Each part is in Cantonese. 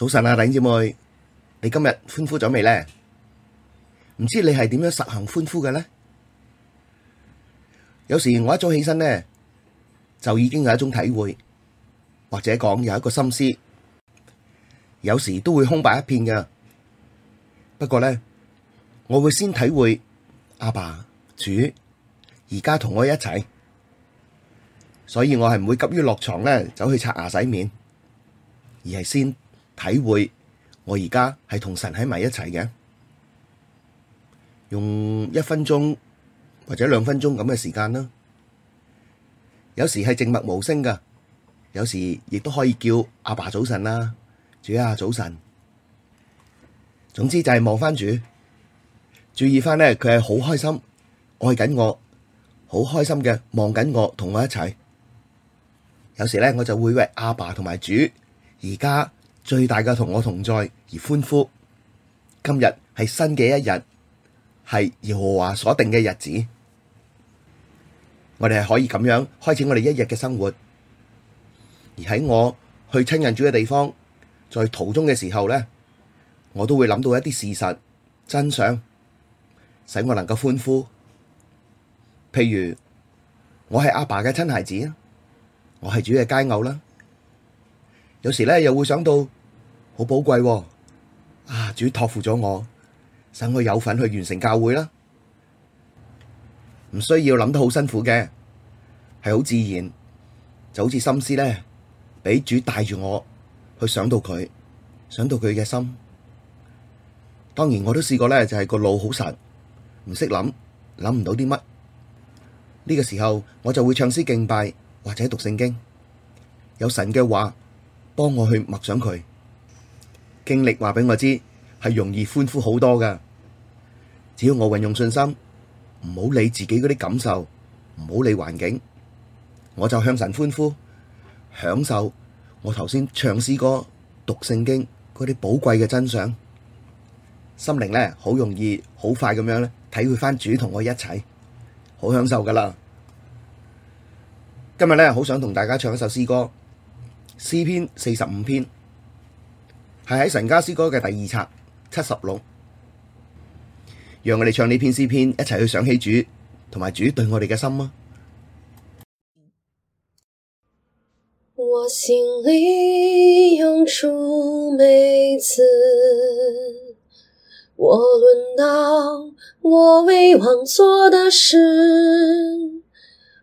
早晨啊，弟兄姊妹，你今日歡呼咗未呢？唔知你係點樣實行歡呼嘅呢？有時我一早起身呢，就已經有一種體會，或者講有一個心思，有時都會空白一片㗎。不過呢，我會先體會阿爸主而家同我一齊，所以我係唔會急於落床呢，走去刷牙洗面，而係先。體會我而家係同神喺埋一齊嘅，用一分鐘或者兩分鐘咁嘅時間啦。有時係靜默無聲噶，有時亦都可以叫阿爸早晨啦，主啊早晨。總之就係望翻主，注意翻呢。佢係好開心，愛緊我，好開心嘅望緊我，同我一齊。有時呢，我就會喂阿爸同埋主而家，最大嘅同我同在而歡呼，今日係新嘅一日，係耶和華所定嘅日子，我哋係可以咁樣開始我哋一日嘅生活。而喺我去親人住嘅地方，在途中嘅時候咧，我都會諗到一啲事實真相，使我能夠歡呼。譬如我係阿爸嘅親孩子，我係主嘅佳偶啦。有時咧，又會想到好寶貴，啊！主托付咗我，使我有份去完成教會啦。唔需要諗得好辛苦嘅，係好自然，就好似心思咧，俾主帶住我去想到佢，想到佢嘅心。當然我都試過咧，就係個腦好神，唔識諗，諗唔到啲乜。呢個時候我就會唱詩敬拜或者讀聖經，有神嘅話。幫我去默想佢經歷，話俾我知係容易歡呼好多噶。只要我運用信心，唔好理自己嗰啲感受，唔好理環境，我就向神歡呼，享受我頭先唱詩歌、讀聖經嗰啲寶貴嘅真相，心靈咧好容易、好快咁樣咧體會返主同我一齊，好享受噶啦。今日咧好想同大家唱一首詩歌。詩篇四十五篇係喺神家詩歌嘅第二冊七十六，讓我哋唱呢篇詩篇，一齊去想起主同埋主對我哋嘅心啊！我心裏湧出美辭，我論到我為王作的事。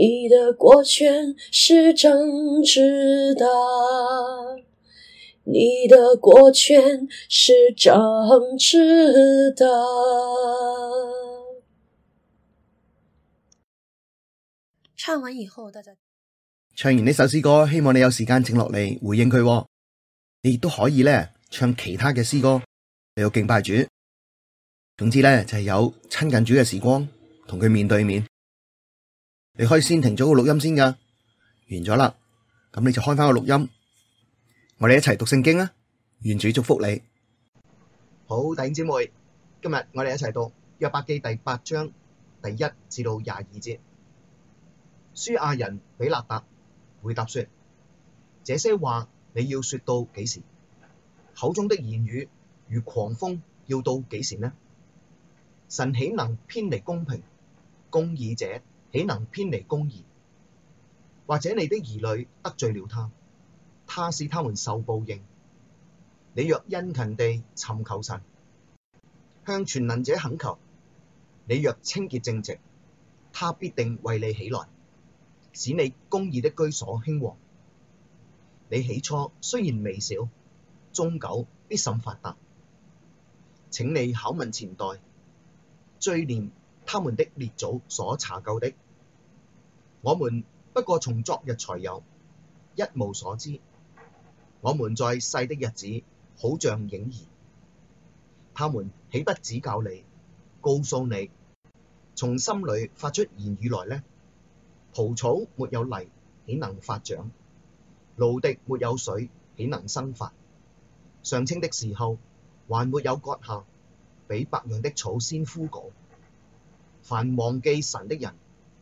你的國權是正直的，你的國權是正直的。唱完以後，大家唱完呢首詩歌，希望你有時間靜落嚟回應佢。你亦都可以咧唱其他嘅詩歌，你要敬拜主。總之咧就係、是、有親近主嘅時光，同佢面對面。你可以先停咗個錄音先噶，完咗啦，咁你就開翻個錄音，我哋一齊讀聖經啊！願主祝福你。好，弟兄姊妹，今日我哋一齊讀約伯記第八章第一至到廿二節。書亞人比勒達回答說：這些話你要說到幾時？口中的言語如狂風，要到幾時呢？神豈能偏離公平、公義者？豈能偏離公義？或者你的兒女得罪了他，他使他們受報應。你若殷勤地尋求神，向全能者懇求，你若清潔正直，他必定為你起來，使你公義的居所興旺。你起初雖然微小，終久必甚發達。請你考問前代，追念他們的列祖所查究的，我們不過從昨日才有，一無所知。我們在世的日子，好像影兒。他們豈不指教你，告訴你，從心裡發出言語來呢？蒲草沒有泥，豈能發長？蘆荻沒有水，豈能生發？尚青的時候，還沒有割下，比百樣的草先枯槁。凡忘記神的人，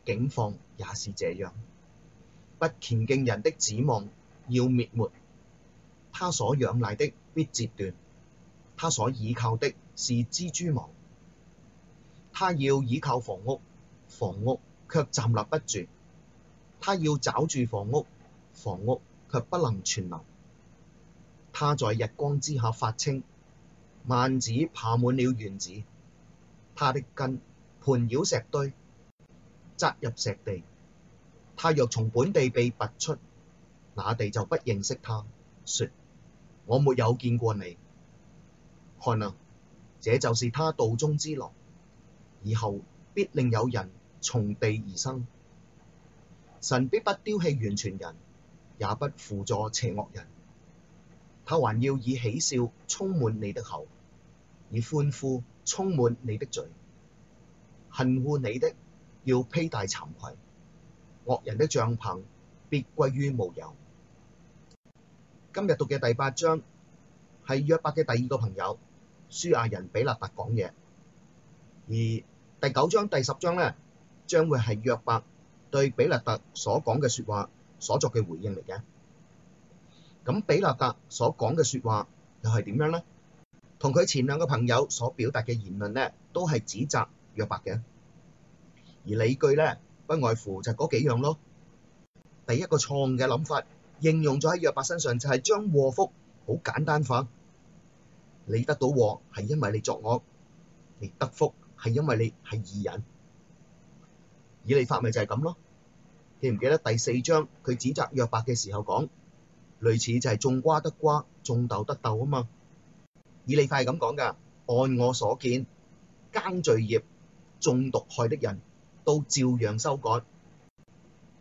景況也是這樣。不虔敬人的指望要滅沒，他所仰賴的必折斷，他所倚靠的是蜘蛛網。他要倚靠房屋，房屋卻站立不住；他要抓住房屋，房屋卻不能存留。他在日光之下發青，蔓子爬滿了園子，他的根，盤繞石堆，扎入石地。他若從本地被拔出，那地就不認識他，說：我沒有見過你。看哪，這就是他道中之樂，以後必另有人從地而生。神必不丟棄完全人，也不扶助邪惡人。他還要以喜笑充滿你的口，以歡呼充滿你的嘴。恨惡你的要披戴慚愧，惡人的帳棚必歸於無有。今日讀嘅第八章係約伯嘅第二個朋友書亞人比勒達講嘢，而第九章第十章呢，將會係約伯對比勒達所講嘅說話所作嘅回應嚟嘅。咁比勒達所講嘅說話又係點樣呢？同佢前兩個朋友所表達嘅言論呢，都係指責約伯嘅，而理據咧不外乎就係嗰幾樣咯。第一個錯誤嘅諗法，應用咗喺約伯身上就係將禍福好簡單化。你得到禍係因為你作惡，你得福係因為你係義人。以利法咪就係咁咯。記唔記得第四章佢指責約伯嘅時候講，類似就係種瓜得瓜，種豆得豆啊嘛。以利法係咁講㗎，按我所見，耕罪孽。中毒害的人都照樣收割。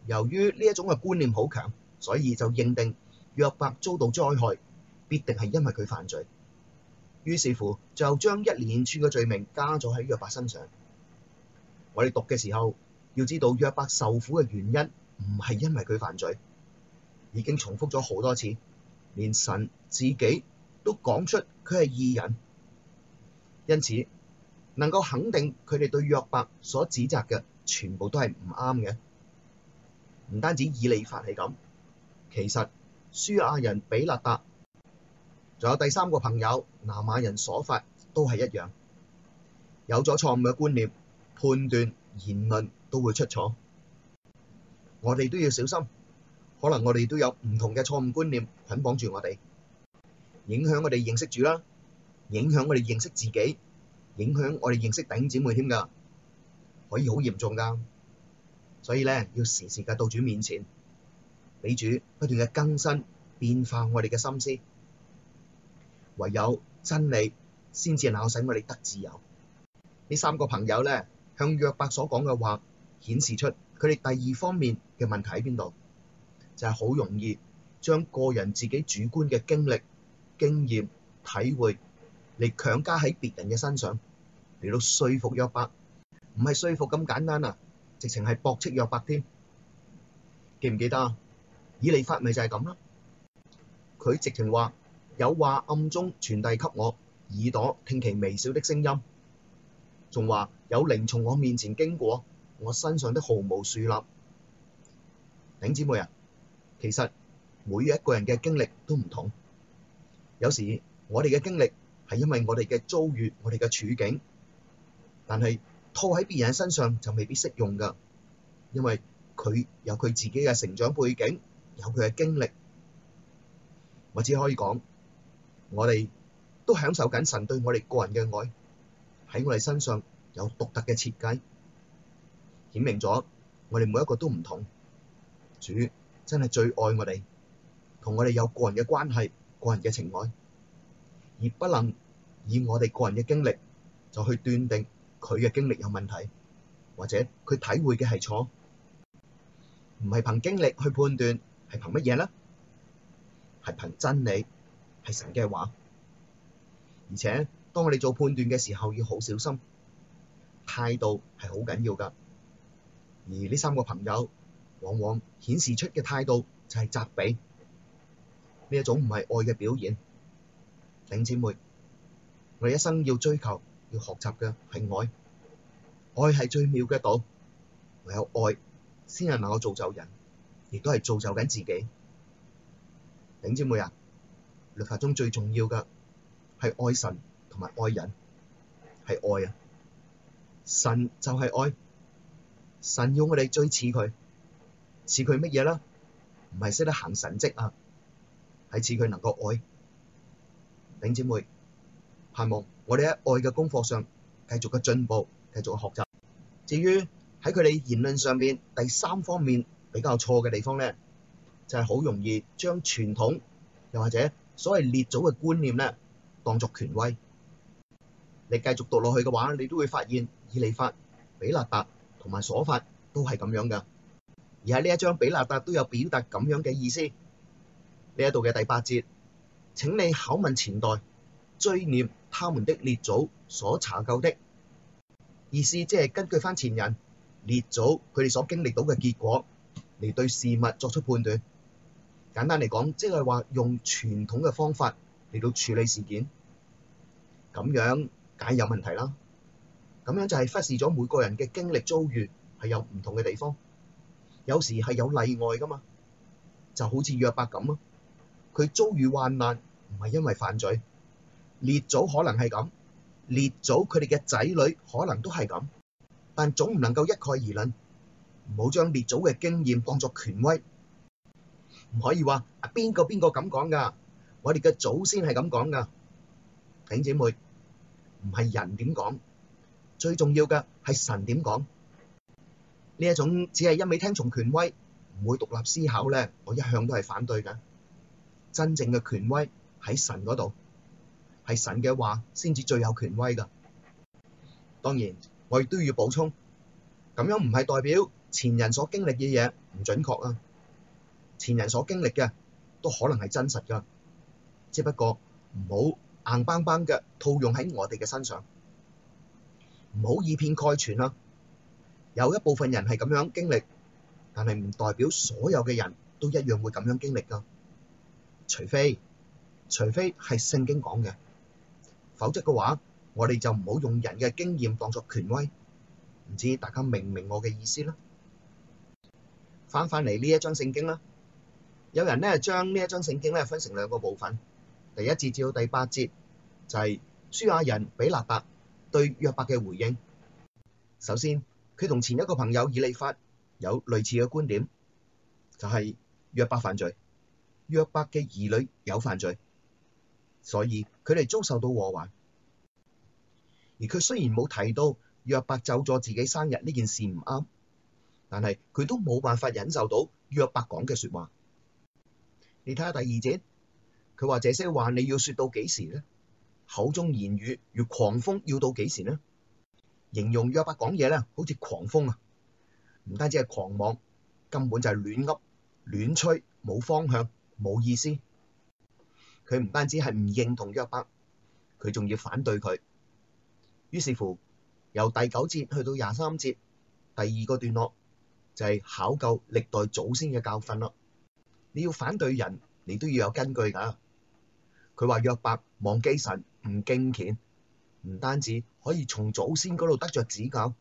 由於呢一種嘅觀念好強，所以就認定約伯遭到災害，必定係因為佢犯罪。於是乎就將一連串嘅罪名加咗喺約伯身上。我哋讀嘅時候要知道約伯受苦嘅原因唔係因為佢犯罪，已經重複咗好多次，連神自己都講出佢係義人，因此。能夠肯定佢哋對約伯所指責嘅，全部都係唔啱嘅。唔單止以利法係咁，其實書亞人比勒達，仲有第三個朋友拿瑪人瑣法都係一樣。有咗錯誤嘅觀念、判斷、言論都會出錯。我哋都要小心，可能我哋都有唔同嘅錯誤觀念捆綁住我哋，影響我哋認識主啦，影響我哋認識自己。影響我哋認識弟兄姊妹添噶可以好嚴重噶所以咧，要時時嘅到主面前，俾主不斷嘅更新變化我哋嘅心思，唯有真理先至能夠使我哋得自由。呢三個朋友咧，向約伯所講嘅話，顯示出佢哋第二方面嘅問題喺邊度，就係好容易將個人自己主觀嘅經歷、經驗、體會嚟，強加喺別人嘅身上。嚟到説服約伯，唔係説服咁簡單啊，直情係駁斥約伯添。記唔記得啊？以利法咪就係咁囉。佢直情話：有話暗中傳遞給我耳朵，聽其微笑的聲音；仲話有靈從我面前經過，我身上的毫無樹立。頂姊妹啊，其實每一個人嘅經歷都唔同。有時我哋嘅經歷係因為我哋嘅遭遇，我哋嘅處境。但係套喺別人身上就未必適用噶因為佢有佢自己嘅成長背景，有佢嘅經歷，我只可以講，我哋都享受緊神對我哋個人嘅愛，喺我哋身上有獨特嘅設計，顯明咗我哋每一個都唔同，主真係最愛我哋，同我哋有個人嘅關係、個人嘅情愛，而不能以我哋個人嘅經歷就去斷定。佢嘅經歷有問題，或者佢體會嘅係錯，唔係憑經歷去判斷，係憑乜嘢呢？係憑真理，係神嘅話。而且當我哋做判斷嘅時候，要好小心，態度係好緊要㗎。而呢三個朋友往往顯示出嘅態度就係責備，呢一種唔係愛嘅表現。領姐妹，我哋一生要追求。要學習嘅係愛，愛係最妙嘅道。唯有愛，先係能夠造就人，亦都係造就緊自己。頂姐妹啊，律法中最重要嘅係愛神同埋愛人，係愛啊！神就係愛，神要我哋最似佢，似佢乜嘢啦？唔係識得行神蹟啊，係似佢能夠愛。頂姐妹，盼望。我哋喺愛嘅功課上繼續嘅進步，繼續嘅學習。至於喺佢哋言論上邊第三方面比較錯嘅地方咧，就係、是、好容易將傳統又或者所謂列祖嘅觀念咧當作權威。你繼續讀落去嘅話，你都會發現以利法、比勒達同埋所法都係咁樣㗎。而喺呢一章，比勒達都有表達咁樣嘅意思。呢一度嘅第八節，請你考問前代，追念。他們的列祖所查究的，意思即係根據翻前人列祖佢哋所經歷到嘅結果嚟對事物作出判斷。簡單嚟講，即係話用傳統嘅方法嚟到處理事件，咁樣梗係有問題啦。咁樣就係忽視咗每個人嘅經歷遭遇係有唔同嘅地方，有時係有例外㗎嘛。就好似約伯咁囉，佢遭遇患難唔係因為犯罪。列祖可能係咁，列祖佢哋嘅仔女可能都係咁，但總唔能夠一概而論，唔好將列祖嘅經驗當作權威，唔可以話啊邊個邊個咁講噶，我哋嘅祖先係咁講噶，弟兄姊妹唔係人點講，最重要嘅係神點講呢？一種只係一味聽從權威，唔會獨立思考咧，我一向都係反對嘅。真正嘅權威喺神嗰度。係神嘅話，先至最有權威噶。當然，我亦都要補充，咁樣唔係代表前人所經歷嘅嘢唔準確啊。前人所經歷嘅都可能係真實噶，只不過唔好硬邦邦嘅套用喺我哋嘅身上，唔好以偏概全啦。有一部分人係咁樣經歷，但係唔代表所有嘅人都一樣會咁樣經歷噶，除非除非係聖經講嘅。否則嘅話，我哋就唔好用人嘅經驗當作權威。唔知大家明唔明我嘅意思啦？翻返嚟呢一章聖經啦，有人呢將呢一章聖經咧分成兩個部分，第一節至到第八節就係書亞人比勒達對約伯嘅回應。首先，佢同前一個朋友以利法有類似嘅觀點，就係、是、約伯犯罪，約伯嘅兒女有犯罪，所以，佢哋遭受到禍患，而佢雖然冇提到約伯咒詛自己生日呢件事唔啱，但係佢都冇辦法忍受到約伯講嘅説話。你睇下第二節，佢話這些話你要説到幾時咧？口中言語如狂風，要到幾時呢？形容約伯講嘢咧，好似狂風啊！唔單止係狂妄，根本就係亂噏、亂吹，冇方向、冇意思。佢唔單止係唔認同約伯，佢仲要反對佢。於是乎由第九節去到廿三節，第二個段落就係、是、考究歷代祖先嘅教訓咯。你要反對人，你都要有根據㗎。佢話約伯忘記神，唔敬虔，唔單止可以從祖先嗰度得着指教，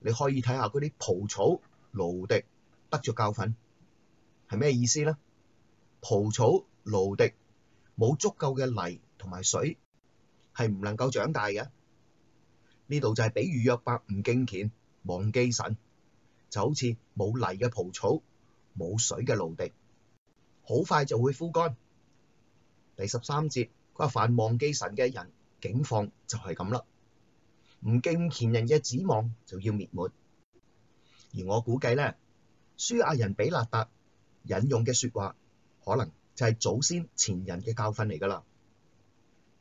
你可以睇下嗰啲蒲草、蘆荻得着教訓，係咩意思咧？蒲草、蘆荻，冇足夠嘅泥同埋水，係唔能夠長大嘅。呢度就係比喻約伯唔敬虔、忘記神，就好似冇泥嘅蒲草、冇水嘅蘆荻，好快就會枯乾。第十三節佢話，凡忘記神嘅人，景況就係咁啦。唔敬虔人嘅指望就要滅沒。而我估計咧，書亞人比勒達引用嘅説話可能，就係祖先前人嘅教訓嚟㗎啦。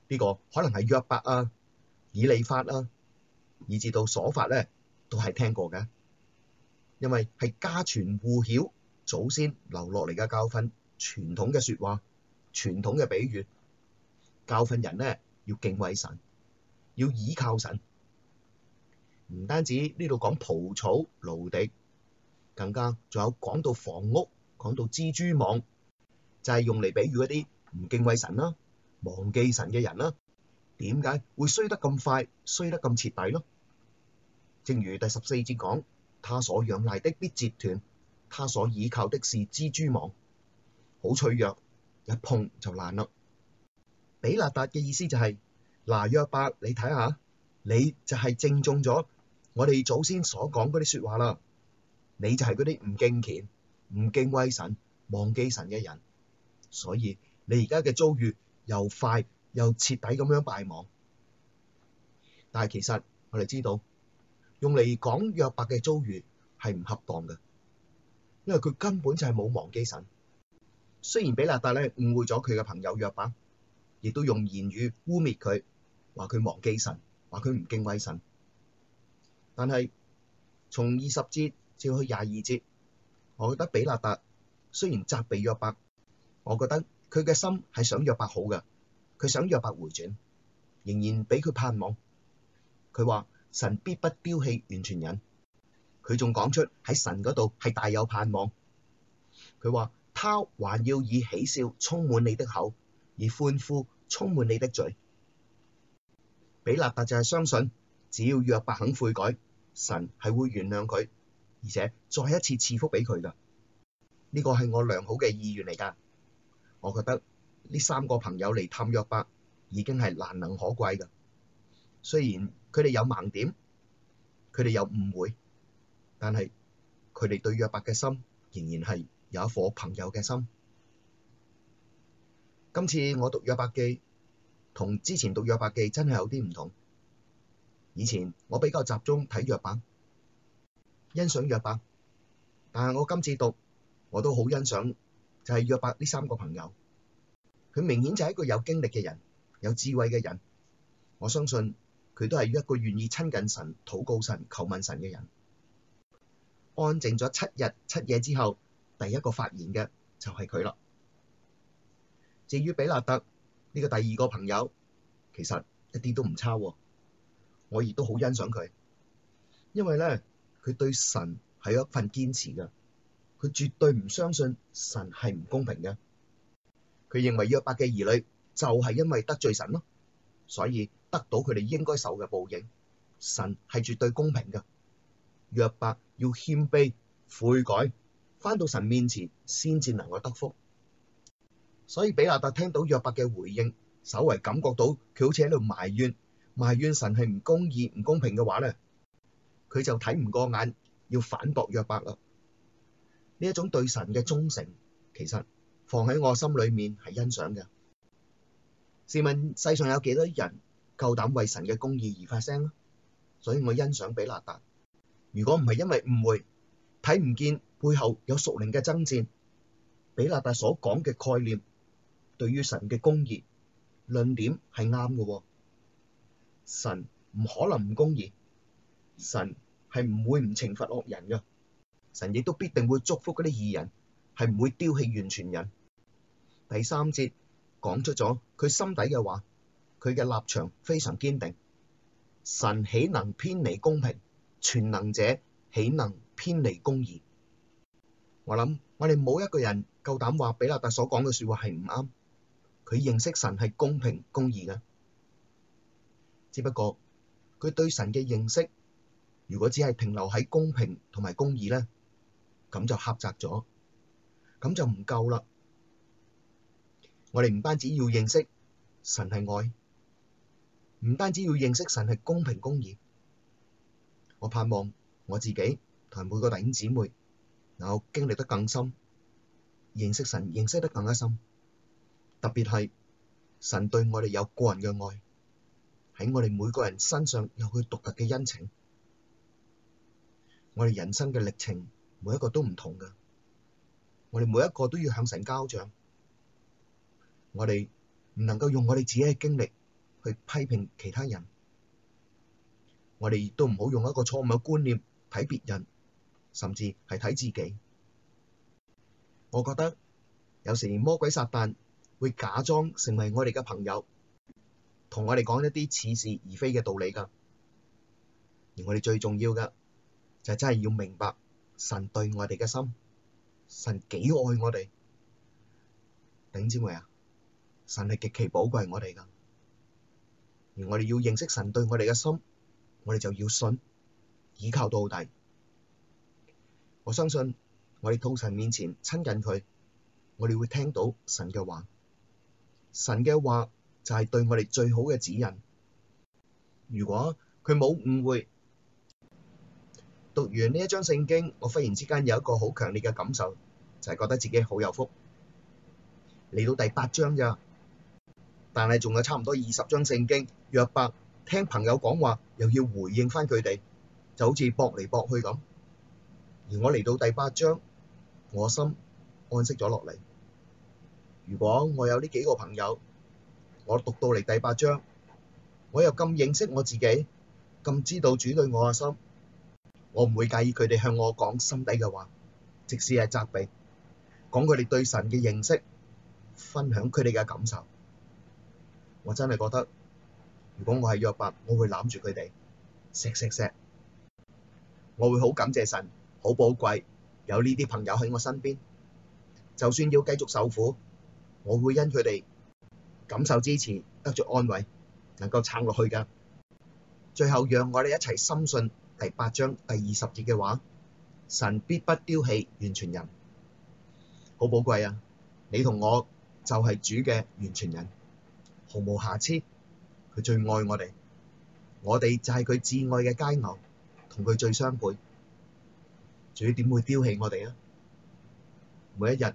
呢個可能係約伯啊、以利法啊，以至到所法咧，都係聽過嘅。因為係家傳戶曉、祖先留落嚟嘅教訓、傳統嘅説話、傳統嘅比喻，教訓人咧要敬畏神，要倚靠神。唔單止呢度講蒲草、蘆荻，更加仲有講到房屋、講到蜘蛛網。就係用嚟比喻一啲唔敬畏神啦、啊、忘記神嘅人啦、啊，點解會衰得咁快、衰得咁徹底咯？正如第十四節講，他所仰賴的必折斷，他所倚靠的是蜘蛛網，好脆弱，一碰就爛啦。比勒達嘅意思就係嗱，約伯，你睇下，你就係正中咗我哋祖先所講嗰啲説話啦，你就係嗰啲唔敬虔、唔敬畏神、忘記神嘅人。所以你而家嘅遭遇又快又徹底咁樣敗亡，但係其實我哋知道用嚟講約伯嘅遭遇係唔恰當嘅，因為佢根本就係冇忘記神。雖然比勒達咧誤會咗佢嘅朋友約伯，亦都用言語污衊佢，話佢忘記神，話佢唔敬畏神，但係從二十節至去廿二節，我覺得比勒達雖然責備約伯。我覺得佢嘅心係想約伯好噶，佢想約伯回轉，仍然俾佢盼望。佢話神必不丟棄完全人，佢仲講出喺神嗰度係大有盼望。佢話他還要以喜笑充滿你的口，以歡呼充滿你的嘴。比勒達就係相信，只要約伯肯悔改，神係會原諒佢，而且再一次賜福俾佢噶。呢、這個係我良好嘅意願嚟噶。我覺得呢三個朋友嚟探約伯已經係難能可貴嘅。雖然佢哋有盲點，佢哋有誤會，但係佢哋對約伯嘅心仍然係有一顆朋友嘅心。今次我讀約伯記同之前讀約伯記真係有啲唔同。以前我比較集中睇約伯，欣賞約伯，但係我今次讀我都好欣賞。就係約伯呢三個朋友，佢明顯就係一個有經歷嘅人，有智慧嘅人。我相信佢都係一個願意親近神、禱告神、求問神嘅人。安靜咗七日七夜之後，第一個發言嘅就係佢啦。至於比勒達呢個第二個朋友，其實一啲都唔差喎，我亦都好欣賞佢，因為咧佢對神係有一份堅持㗎。佢絕對唔相信神係唔公平嘅，佢認為約伯嘅兒女就係因為得罪神咯，所以得到佢哋應該受嘅報應。神係絕對公平嘅，約伯要謙卑悔改，翻到神面前先至能夠得福。所以比勒達聽到約伯嘅回應，稍為感覺到佢好似喺度埋怨埋怨神係唔公義唔公平嘅話咧，佢就睇唔過眼，要反駁約伯咯。呢一種對神嘅忠誠，其實放喺我心裏面係欣賞嘅。試問世上有幾多人夠膽為神嘅公義而發聲呢？所以我欣賞比勒達。如果唔係因為誤會、睇唔見背後有屬靈嘅爭戰，比勒達所講嘅概念對於神嘅公義論點係啱嘅。神唔可能唔公義，神係唔會唔懲罰惡人㗎。神亦都必定會祝福嗰啲義人，係唔會丟棄完全人。第三節講出咗佢心底嘅話，佢嘅立場非常堅定。神豈能偏離公平？全能者豈能偏離公義？我諗我哋冇一個人夠膽話比勒達所講嘅說話係唔啱。佢認識神係公平公義嘅，只不過佢對神嘅認識，如果只係停留喺公平同埋公義呢。咁就狹窄咗，咁就唔夠啦。我哋唔單止要認識神係愛，唔單止要認識神係公平公義。我盼望我自己同每個弟兄姊妹，能夠經歷得更深，認識神，認識得更加深。特別係神對我哋有個人嘅愛，喺我哋每個人身上有佢獨特嘅恩情。我哋人生嘅歷程。每一個都唔同噶，我哋每一個都要向神交賬。我哋唔能夠用我哋自己嘅經歷去批評其他人，我哋亦都唔好用一個錯誤嘅觀念睇別人，甚至係睇自己。我覺得有時魔鬼撒旦會假裝成為我哋嘅朋友，同我哋講一啲似是而非嘅道理噶。而我哋最重要嘅就係真係要明白。神對我哋嘅心，神幾愛我哋，點知未啊？神係極其寶貴我哋噶，而我哋要認識神對我哋嘅心，我哋就要信，依靠到底。我相信我哋到神面前親近佢，我哋會聽到神嘅話，神嘅話就係對我哋最好嘅指引。如果佢冇誤會。讀完呢一章聖經，我忽然之間有一個好強烈嘅感受，就係、是、覺得自己好有福。嚟到第八章咋，但係仲有差唔多二十章聖經。約伯聽朋友講話，又要回應返佢哋，就好似駁嚟駁去咁。而我嚟到第八章，我心安息咗落嚟。如果我有呢幾個朋友，我讀到嚟第八章，我又咁認識我自己，咁知道主對我嘅心。我唔會介意佢哋向我講心底嘅話，即使係責備，講佢哋對神嘅認識，分享佢哋嘅感受。我真係覺得，如果我係約伯，我會攬住佢哋，錫錫錫。我會好感謝神，好寶貴有呢啲朋友喺我身邊。就算要繼續受苦，我會因佢哋感受支持，得著安慰，能夠撐落去㗎。最後，讓我哋一齊深信。第八章第二十節嘅話，神必不丟棄完全人，好寶貴啊！你同我就係主嘅完全人，毫無瑕疵。佢最愛我哋，我哋就係佢至愛嘅佳偶，同佢最相配。主點會丟棄我哋啊？每一日，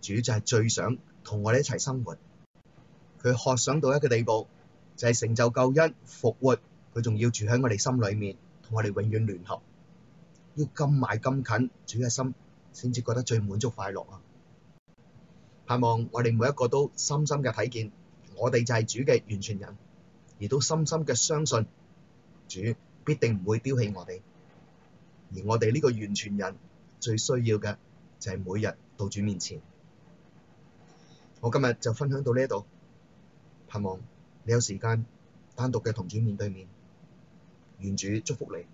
主就係最想同我哋一齊生活。佢渴想到一個地步，就係、是、成就救恩復活，佢仲要住喺我哋心裏面。同我哋永遠聯合，要咁埋咁近主嘅心，先至覺得最滿足快樂啊！盼望我哋每一個都深深嘅睇見，我哋就係主嘅完全人，亦都深深嘅相信主必定唔會丟棄我哋。而我哋呢個完全人最需要嘅就係每日到主面前。我今日就分享到呢一度，盼望你有時間單獨嘅同主面對面。願主祝福你。